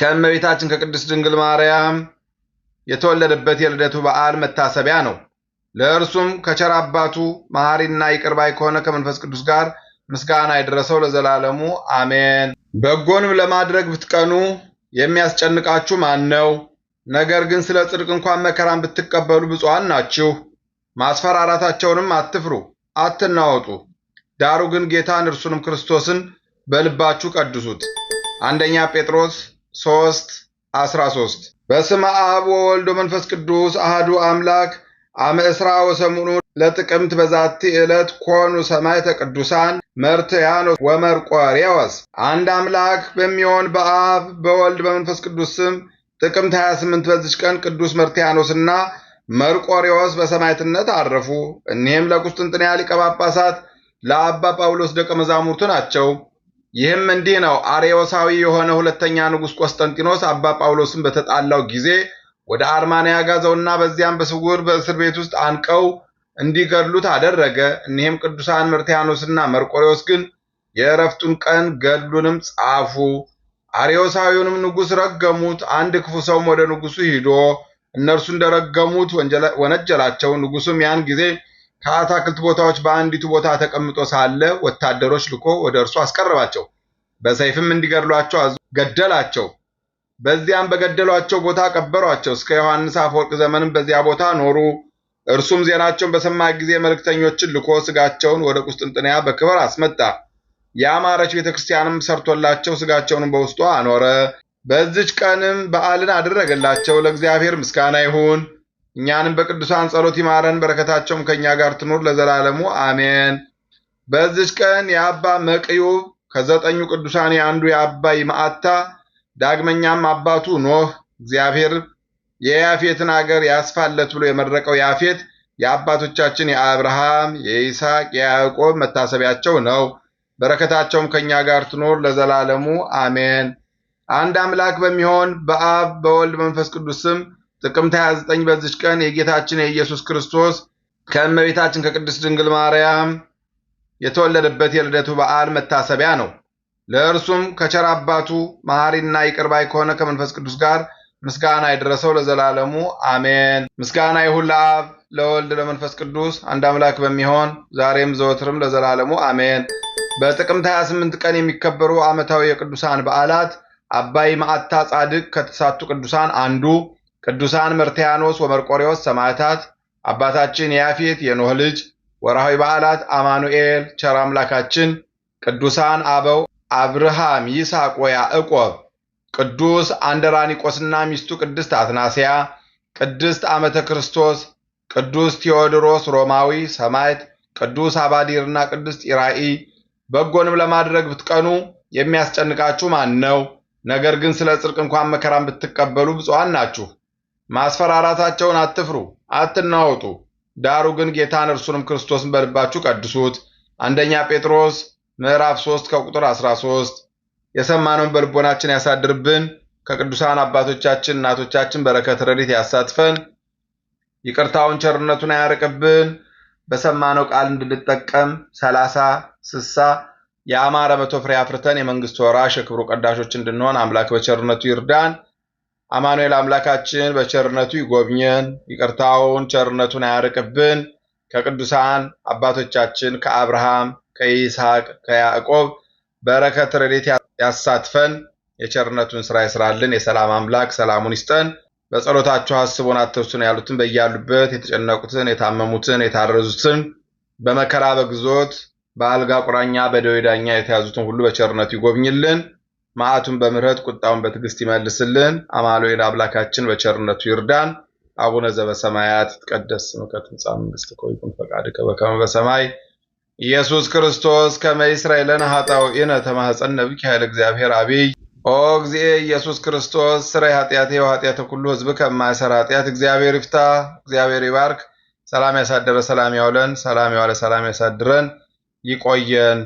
ከእመቤታችን ከቅድስት ድንግል ማርያም የተወለደበት የልደቱ በዓል መታሰቢያ ነው። ለእርሱም ከቸር አባቱ መሐሪና ይቅር ከሆነ ከመንፈስ ቅዱስ ጋር ምስጋና የደረሰው ለዘላለሙ አሜን። በጎንም ለማድረግ ብትቀኑ የሚያስጨንቃችሁ ማን ነው? ነገር ግን ስለ ጽድቅ እንኳን መከራን ብትቀበሉ ብፁዓን ናችሁ። ማስፈራራታቸውንም አትፍሩ፣ አትናወጡ። ዳሩ ግን ጌታን እርሱንም ክርስቶስን በልባችሁ ቀድሱት። አንደኛ ጴጥሮስ 3 13 ሶስት በስመ አብ ወወልድ ወመንፈስ ቅዱስ አህዱ አምላክ አመ እስራ ወሰሙኑ ለጥቅምት በዛቲ ዕለት ኮኑ ሰማዕተ ቅዱሳን መርትያኖስ ወመርቆሬዎስ። አንድ አምላክ በሚሆን በአብ በወልድ በመንፈስ ቅዱስ ስም ጥቅምት 28 በዚች ቀን ቅዱስ መርትያኖስና መርቆሬዎስ በሰማዕትነት አረፉ። እኒህም ለቁስጥንጥንያ ሊቀ ጳጳሳት ለአባ ጳውሎስ ደቀ መዛሙርቱ ናቸው። ይህም እንዲህ ነው። አርዮሳዊ የሆነ ሁለተኛ ንጉሥ ቆስጠንጢኖስ አባ ጳውሎስን በተጣላው ጊዜ ወደ አርማንያ ያጋዘውና በዚያም በስውር በእስር ቤት ውስጥ አንቀው እንዲገድሉት አደረገ። እኒህም ቅዱሳን ምርትያኖስና መርቆሬዎስ ግን የእረፍቱን ቀን ገድሉንም ጻፉ። አርዮሳዊውንም ንጉሥ ረገሙት። አንድ ክፉ ሰውም ወደ ንጉሡ ሂዶ እነርሱ እንደረገሙት ወነጀላቸው። ንጉሡም ያን ጊዜ ከአታክልት ቦታዎች በአንዲቱ ቦታ ተቀምጦ ሳለ ወታደሮች ልኮ ወደ እርሱ አስቀረባቸው። በሰይፍም እንዲገድሏቸው ገደላቸው። በዚያም በገደሏቸው ቦታ ቀበሯቸው። እስከ ዮሐንስ አፈወርቅ ዘመንም በዚያ ቦታ ኖሩ። እርሱም ዜናቸውን በሰማ ጊዜ መልእክተኞችን ልኮ ስጋቸውን ወደ ቁስጥንጥንያ በክብር አስመጣ። የአማረች ቤተ ክርስቲያንም ሰርቶላቸው ስጋቸውንም በውስጡ አኖረ። በዚች ቀንም በዓልን አደረገላቸው። ለእግዚአብሔር ምስጋና ይሁን። እኛንም በቅዱሳን ጸሎት ይማረን፣ በረከታቸውም ከእኛ ጋር ትኑር ለዘላለሙ አሜን። በዚች ቀን የአባ መቅዩብ ከዘጠኙ ቅዱሳን የአንዱ የአባ ይምዓታ፣ ዳግመኛም አባቱ ኖህ እግዚአብሔር የያፌትን አገር ያስፋለት ብሎ የመረቀው ያፌት የአባቶቻችን የአብርሃም የይስሐቅ የያዕቆብ መታሰቢያቸው ነው። በረከታቸውም ከእኛ ጋር ትኖር ለዘላለሙ አሜን። አንድ አምላክ በሚሆን በአብ በወልድ መንፈስ ቅዱስ ስም ጥቅምት 29 በዚች ቀን የጌታችን የኢየሱስ ክርስቶስ ከእመቤታችን ከቅድስት ድንግል ማርያም የተወለደበት የልደቱ በዓል መታሰቢያ ነው። ለእርሱም ከቸር አባቱ መሐሪና ይቅር ባይ ከሆነ ከመንፈስ ቅዱስ ጋር ምስጋና የደረሰው ለዘላለሙ አሜን። ምስጋና ይሁን ለአብ ለወልድ ለመንፈስ ቅዱስ አንድ አምላክ በሚሆን ዛሬም ዘወትርም ለዘላለሙ አሜን። በጥቅምት 28 ቀን የሚከበሩ ዓመታዊ የቅዱሳን በዓላት አባይ ማዕታ ጻድቅ ከተሳቱ ቅዱሳን አንዱ ቅዱሳን ምርትያኖስ ወመርቆሬዎስ ሰማዕታት፣ አባታችን ያፌት የኖህ ልጅ፣ ወርሃዊ በዓላት አማኑኤል ቸር አምላካችን፣ ቅዱሳን አበው አብርሃም፣ ይስሐቅ ወያዕቆብ፣ ቅዱስ አንደራኒቆስና ሚስቱ ቅድስት አትናስያ፣ ቅድስት አመተ ክርስቶስ፣ ቅዱስ ቴዎድሮስ ሮማዊ ሰማዕት፣ ቅዱስ አባዲርና ቅዱስ ጢራኢ። በጎንም ለማድረግ ብትቀኑ የሚያስጨንቃችሁ ማን ነው? ነገር ግን ስለ ጽድቅ እንኳን መከራን ብትቀበሉ ብፁዓን ናችሁ። ማስፈራራታቸውን አትፍሩ፣ አትናወጡ። ዳሩ ግን ጌታን እርሱንም ክርስቶስን በልባችሁ ቀድሱት። አንደኛ ጴጥሮስ ምዕራፍ 3 ከቁጥር 13። የሰማነውን በልቦናችን ያሳድርብን። ከቅዱሳን አባቶቻችን እናቶቻችን በረከት ረድኤት ያሳትፈን። ይቅርታውን ቸርነቱን አያርቅብን። በሰማነው ቃል እንድንጠቀም ሰላሳ ስሳ የአማረ መቶ ፍሬ አፍርተን የመንግስት ወራሽ የክብሩ ቀዳሾች እንድንሆን አምላክ በቸርነቱ ይርዳን። አማኑኤል አምላካችን በቸርነቱ ይጎብኘን፣ ይቅርታውን ቸርነቱን አያርቅብን። ከቅዱሳን አባቶቻችን ከአብርሃም፣ ከይስሐቅ፣ ከያዕቆብ በረከት ረድኤት ያሳትፈን፣ የቸርነቱን ስራ ይስራልን። የሰላም አምላክ ሰላሙን ይስጠን። በጸሎታችሁ አስቡን አትርሱን ያሉትን በያሉበት የተጨነቁትን፣ የታመሙትን፣ የታረዙትን በመከራ በግዞት በአልጋ ቁራኛ በደዌ ዳኛ የተያዙትን ሁሉ በቸርነቱ ይጎብኝልን። ማዕቱን በምሕረት ቁጣውን በትዕግስት ይመልስልን። አማኑኤል አምላካችን በቸርነቱ ይርዳን። አቡነ ዘበሰማያት ይትቀደስ ስምከ ትምጻእ መንግሥትከ ወይኩን ፈቃድከ በከመ በሰማይ ኢየሱስ ክርስቶስ ከመ ይስራይ ለነ ኃጣውኢነ ተማኅፀነ ብኪ ኃይለ እግዚአብሔር አብይ ኦ እግዚእ ኢየሱስ ክርስቶስ ስራ ኃጢአቴ ወኃጢአተ ኩሉ ሕዝብ ከማይሰራ ኃጢአት እግዚአብሔር ይፍታ። እግዚአብሔር ይባርክ። ሰላም ያሳደረ ሰላም ያውለን። ሰላም ያዋለ ሰላም ያሳድረን። ይቆየን።